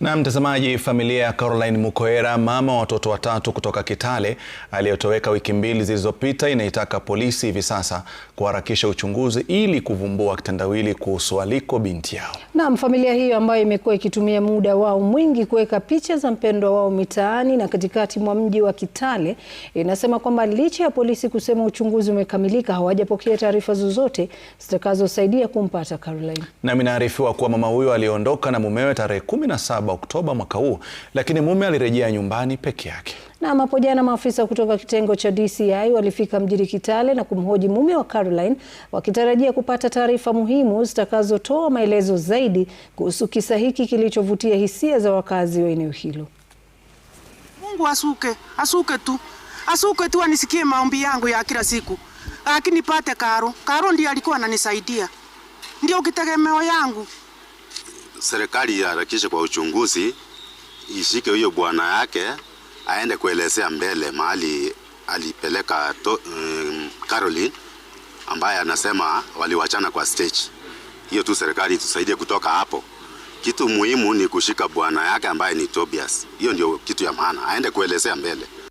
Na mtazamaji, familia ya Caroline Mukoera, mama wa watoto watatu kutoka Kitale aliyotoweka wiki mbili zilizopita, inaitaka polisi hivi sasa kuharakisha uchunguzi ili kuvumbua kitendawili kuhusu aliko binti yao. Naam, familia hiyo ambayo imekuwa ikitumia muda wao mwingi kuweka picha za mpendwa wao mitaani na katikati mwa mji wa Kitale inasema kwamba licha ya polisi kusema uchunguzi umekamilika, hawajapokea taarifa zozote zitakazosaidia kumpata Caroline. Nami naarifiwa kuwa mama huyo aliondoka na mumewe tarehe 17 17 Oktoba mwaka huu, lakini mume alirejea nyumbani peke yake. Na hapo jana maafisa kutoka kitengo cha DCI walifika mjini Kitale na kumhoji mume wa Caroline wakitarajia kupata taarifa muhimu zitakazotoa maelezo zaidi kuhusu kisa hiki kilichovutia hisia za wakazi wa eneo hilo. Mungu asuke, asuke tu. Asuke tu anisikie maombi yangu ya kila siku. Lakini pate Karo. Karo ndiye alikuwa ananisaidia. Ndio kitegemeo yangu serikali iharakishe kwa uchunguzi, ishike huyo bwana yake aende kuelezea mbele mahali alipeleka to, um, Caroline ambaye anasema waliwachana kwa stage hiyo tu. Serikali itusaidie kutoka hapo. Kitu muhimu ni kushika bwana yake ambaye ni Tobias. Hiyo ndio kitu ya maana, aende kuelezea mbele.